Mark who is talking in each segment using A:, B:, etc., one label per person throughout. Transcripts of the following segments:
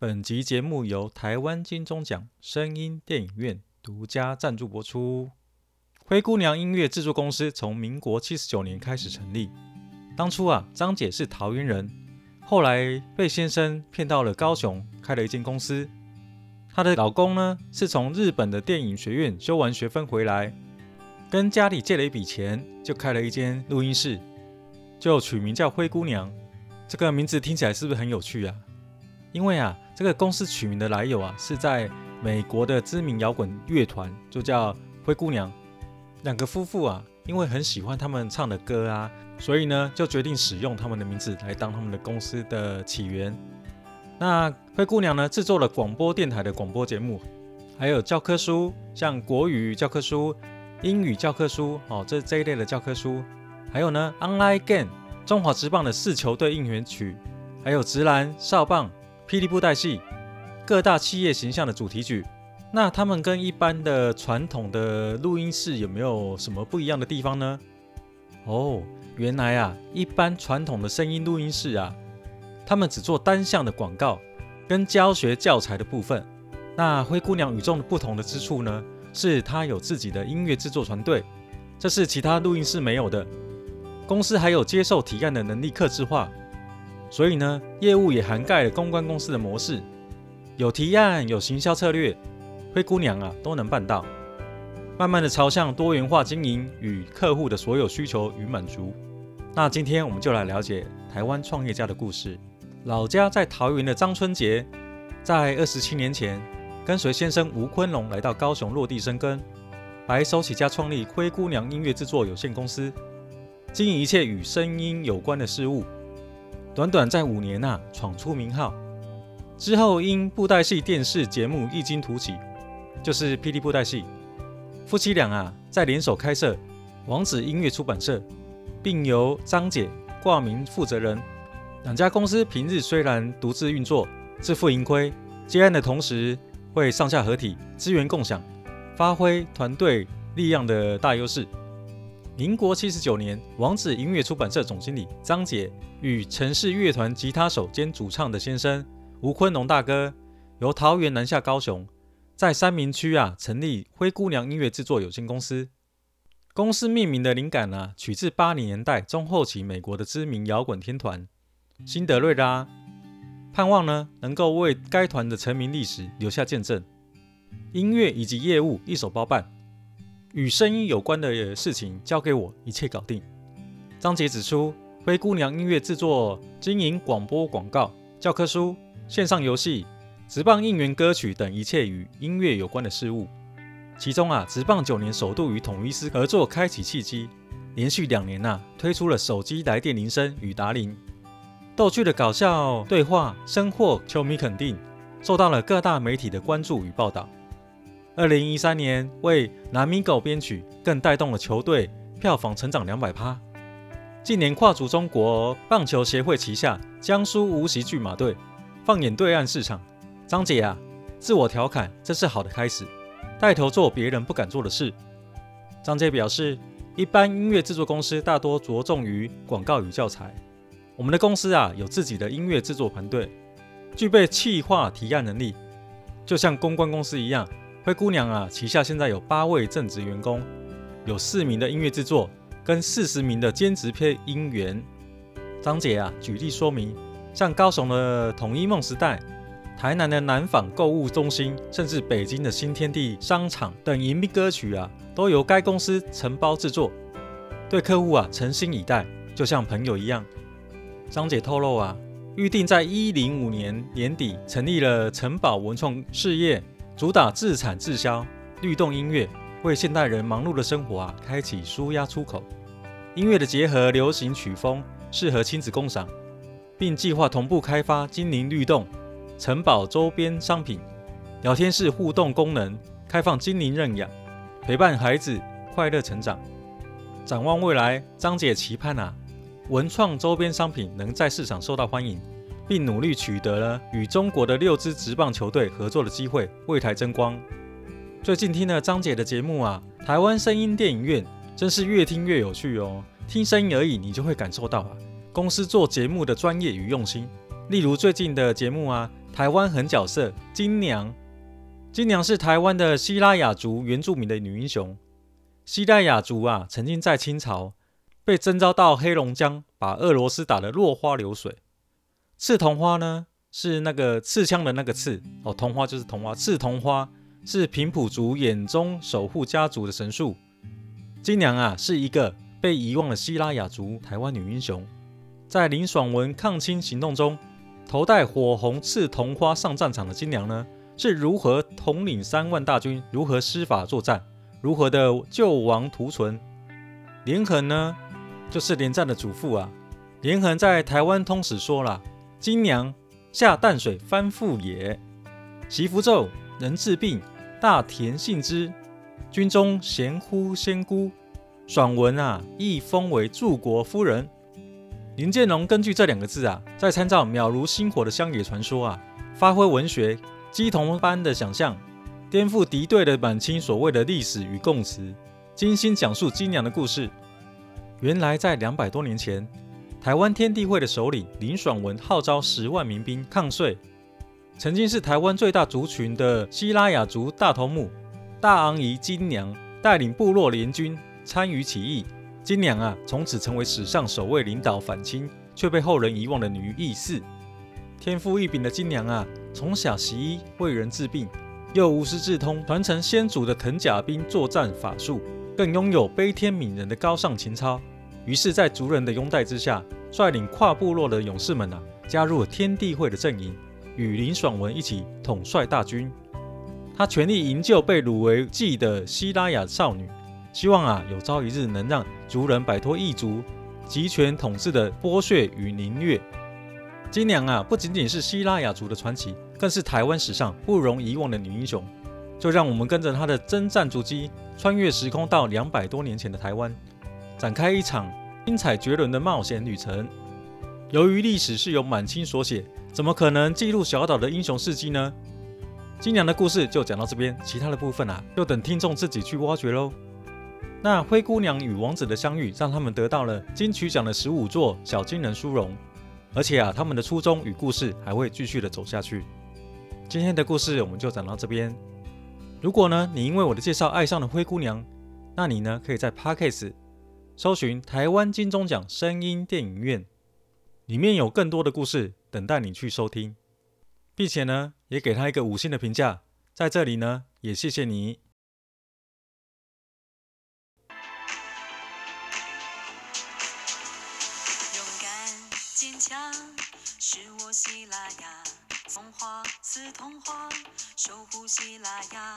A: 本集節目由台灣金鐘獎聲音電影院獨家贊助播出。灰姑娘音樂製作公司從民國七十九年開始成立。當初啊，張姐是桃園人，後來被先生騙到了高雄，開了一間公司。她的老公呢，是從日本的電影學院修完學分回來，跟家裡借了一筆錢，就開了一間錄音室，就取名叫灰姑娘。這個名字聽起來是不是很有趣啊？因為啊。這個公司取名的來由啊，是在美國的知名搖滾樂團，就叫灰姑娘。兩個夫婦啊，因為很喜歡他們唱的歌啊，所以呢，就決定使用他們的名字來當他們的公司的起源。那灰姑娘呢，制作了廣播電台的廣播節目，還有教科書，像國語教科書、英語教科書哦，這這一類的教科書。還有呢，Online Game，中華職棒的四球隊應援曲，還有直男少棒。霹靂布袋戲各大企業形象的主題曲，那他們跟一般的傳統的錄音室有沒有什麼不一樣的地方呢？哦，原來啊，一般傳統的聲音錄音室啊，他們只做單向的廣告跟教學教材的部分。那灰姑娘與眾不同的之處呢，是她有自己的音樂製作團隊，這是其他錄音室沒有的。公司還有接受提案的能力，客製化。所以呢，業務也涵蓋了公關公司的模式，有提案、有行銷策略，灰姑娘啊都能辦到。慢慢的朝向多元化經營與客戶的所有需求與滿足。那今天我們就來了解台灣創業家的故事。老家在桃園的張春杰，在二十七年前跟隨先生吳昆龍來到高雄落地生根，白手起家創立灰姑娘音樂製作有限公司，經營一切與聲音有關的事物。短短在五年啊，闖出名號之後，因布袋戲電視節目異軍突起，就是《霹靂布袋戲》，夫妻倆啊，在聯手開設王子音樂出版社，並由張姐掛名負責人。兩家公司平日雖然獨自運作、自負盈虧，接案的同時會上下合體、資源共享，發揮團隊力量的大優勢。民國七十九年，王子音樂出版社總經理張杰與城市樂團吉他手兼主唱的先生吳昆龍大哥，由桃園南下高雄，在三民區啊成立灰姑娘音樂製作有限公司。公司命名的靈感呢、啊，取自八零年代中後期美國的知名搖滾天團辛德瑞拉，盼望呢能夠為該團的成名歷史留下見證。音樂以及業務一手包辦。與聲音有關的事情交給我，一切搞定。張杰指出，灰姑娘音樂製作、經營廣播、廣告、教科書、線上遊戲、職棒應援歌曲等一切與音樂有關的事物。其中啊，職棒九年首度與統一獅合作，開啟契機，連續兩年啊推出了手機來電鈴聲與答鈴，逗趣的搞笑對話，深獲球迷肯定，受到了各大媒體的關注與報道二零一三年為 Lamigo 編曲，更帶動了球隊票房成長兩百趴。近年跨足中國棒球協會旗下江蘇無錫巨馬隊。放眼對岸市場，張姐啊，自我調侃這是好的開始，帶頭做別人不敢做的事。張姐表示，一般音樂製作公司大多着重於廣告與教材，我們的公司啊有自己的音樂製作團隊，具備企劃提案能力，就像公關公司一樣。灰姑娘啊，旗下現在有八位正職員工，有四名的音樂制作跟四十名的兼職配音員。張姐啊，舉例說明，像高雄的統一夢時代、台南的南紡購物中心，甚至北京的新天地商場等迎賓歌曲啊，都由該公司承包制作。對客戶啊，誠心以待，就像朋友一樣。張姐透露啊，預定在一零五年年底成立了城堡文創事業。主打自產自銷，律動音樂為現代人忙碌的生活啊，開啟紓壓出口。音樂的結合流行曲風，適合親子共賞，並計劃同步開發精靈律動、城堡周邊商品、聊天室互動功能，開放精靈認養，陪伴孩子快樂成長。展望未來，張姐期盼啊，文創周邊商品能在市場受到歡迎。並努力取得了與中國的六支職棒球隊合作的機會，為台爭光。最近聽了張姐的節目啊，台灣聲音電影院真是越聽越有趣哦。聽聲音而已，你就會感受到啊，公司做節目的專業與用心。例如最近的節目啊，台灣狠角色金娘。金娘是台灣的西拉雅族原住民的女英雄。西拉雅族啊，曾經在清朝被徵召到黑龍江，把俄羅斯打得落花流水。刺桐花呢，是那個刺槍的那個刺哦，桐花就是桐花。刺桐花是平埔族眼中守護家族的神樹。金娘啊，是一個被遺忘的西拉雅族台灣女英雄。在林爽文抗清行動中，頭戴火紅刺桐花上戰場的金娘呢，是如何統領三萬大軍，如何施法作戰，如何的救亡圖存？連橫呢，就是連戰的祖父啊。連橫在台灣通史說啦。金娘，下淡水番婦也，習符咒，能治病，大田信之，軍中咸呼仙姑，爽文啊，亦封為柱國夫人。林建隆根據這兩個字啊，再參照渺如星火的鄉野傳說啊，發揮文學雞同般的想象，顛覆敵對的滿清所謂的歷史與共識，精心講述金娘的故事。原來在兩百多年前。台灣天地會的首領林爽文號召十萬民兵抗稅。曾經是台灣最大族群的西拉雅族大頭目大昂姨金娘帶領部落聯軍參與起義。金娘啊，從此成為史上首位領導反清卻被後人遺忘的女義士。天賦異禀的金娘啊，從小習醫為人治病，又無師自通傳承先祖的藤甲兵作戰法術，更擁有悲天憫人的高尚情操。於是，在族人的擁戴之下，率領跨部落的勇士們啊，加入天地會的陣營，與林爽文一起統帥大軍。他全力營救被擄為妓的西拉雅少女，希望啊，有朝一日能讓族人擺脫異族集權統治的剝削與凌虐。金娘啊，不僅僅是西拉雅族的傳奇，更是台灣史上不容遺忘的女英雄。就讓我們跟着她的征戰足迹，穿越時空到兩百多年前的台灣。展開一場精彩絕倫的冒險旅程。由於歷史是由滿清所寫，怎麼可能記錄小島的英雄事跡呢？金娘的故事就講到這邊，其他的部分啊，就等聽眾自己去挖掘嘍。那灰姑娘與王子的相遇，讓他們得到了金曲獎的十五座小金人殊榮。而且啊，他們的初衷與故事還會繼續的走下去。今天的故事我們就講到這邊。如果呢，你因為我的介紹愛上了灰姑娘，那你呢，可以在 Podcast。搜尋“台灣金鐘獎聲音電影院”，裡面有更多的故事等待你去收聽，並且呢，也給他一個五星的評價。在這裡呢，也謝謝你。勇敢堅強，是我西拉雅，刺桐花，守護西拉雅，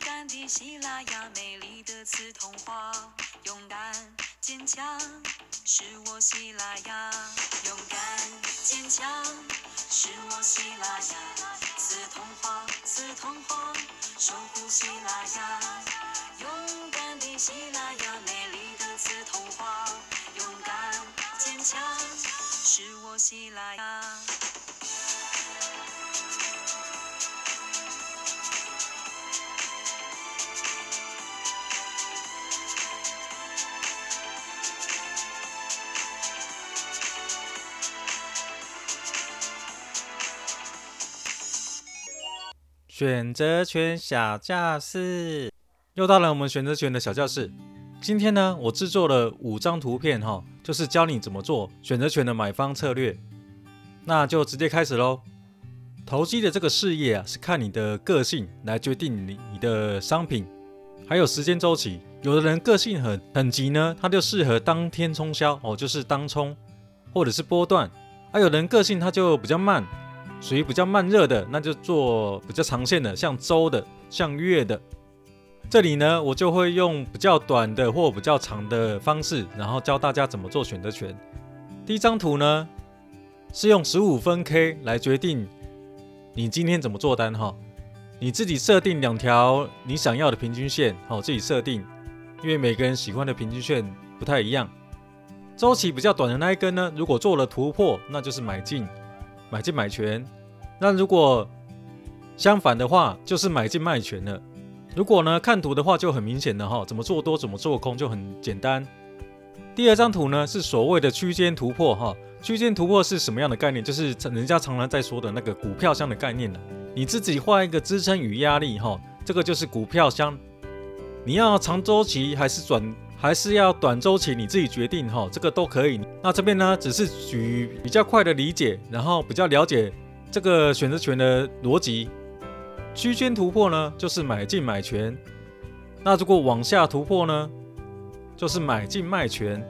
A: 甘的西拉雅，美麗的刺桐花，勇敢。堅強是我西拉雅，勇敢堅強是我西拉雅，刺桐花，刺桐花，守護西拉雅，勇敢的西拉雅，美麗的刺桐花，勇敢堅強是我西拉雅。選擇權小教室，又到了我們選擇權的小教室。今天呢，我製作了五張圖片，哈，就是教你怎麼做選擇權的買方策略。那就直接開始嘍。投機的這個事業啊，是看你的個性來決定你，你的商品，還有時間週期。有的人個性很很急呢，他就適合當天沖銷哦，就是當沖或者是波段，而、啊、有人個性他就比較慢。屬於比較慢熱的，那就做比較長線的，像週的、像月的。這裡呢，我就會用比較短的或比較長的方式，然後教大家怎麼做選擇權。第一張圖呢，是用十五分 K 來決定你今天怎麼做單哈。你自己設定兩條你想要的平均線，好，自己設定，因為每個人喜歡的平均線不太一樣。週期比較短的那一根呢，如果做了突破，那就是買進。買進買權，那如果相反的話，就是買進賣權了。如果呢看圖的話，就很明顯了哈、哦，怎麼做多怎麼做空就很簡單。第二張圖呢，是所謂的區間突破哈、哦，區間突破是什麼樣的概念？就是人家常常在說的那個股票箱的概念了。你自己畫一個支撐與壓力哈、哦，這個就是股票箱。你要長周期還是轉？還是要短週期，你自己決定哈，這個都可以。那這邊呢，只是舉比較快的理解，然後比較了解這個選擇權的邏輯。區間突破呢，就是買進買權；那如果往下突破呢，就是買進賣權。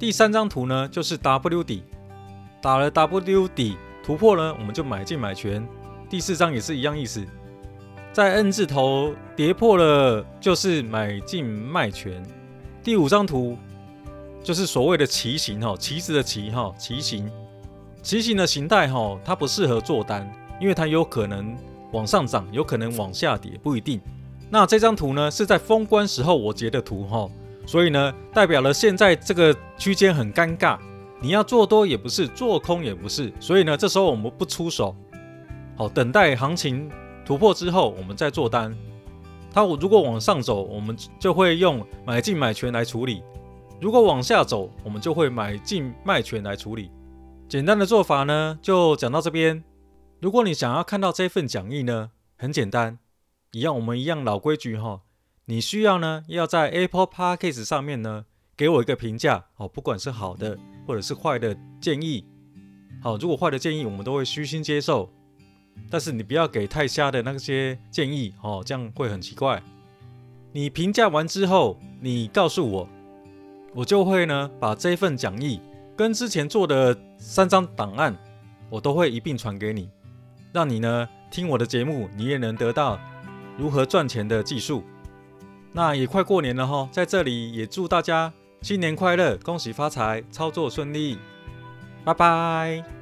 A: 第三張圖呢，就是 W 底打了，W 底突破呢，我們就買進買權。第四張也是一樣意思，在 N 字頭跌破了，就是買進賣權。第五張圖就是所謂的旗形哈，旗子的旗，哈，旗形，旗形的形態哈，它不適合做單，因為它有可能往上漲，有可能往下跌，不一定。那這張圖呢，是在封關時候我截的圖哈，所以呢，代表了現在這個區間很尷尬，你要做多也不是，做空也不是，所以呢，這時候我們不出手，好，等待行情突破之後我們再做單。它如果往上走，我們就會用買進買權來處理；如果往下走，我們就會買進賣權來處理。簡單的做法呢，就講到這邊。如果你想要看到這份講義呢，很簡單，一樣我們一樣老規矩哈，你需要呢要在 Apple Podcast 上面呢給我一個評價哦，不管是好的或者是壞的建議。好，如果壞的建議，我們都會虛心接受。但是你不要給太瞎的那些建議哦，這樣會很奇怪。你評價完之後，你告訴我，我就會呢把這份講義跟之前做的三張檔案，我都會一併傳給你，讓你呢聽我的節目，你也能得到如何賺錢的技術。那也快過年了哈、哦，在這裡也祝大家新年快樂，恭喜發財，操作順利，拜拜。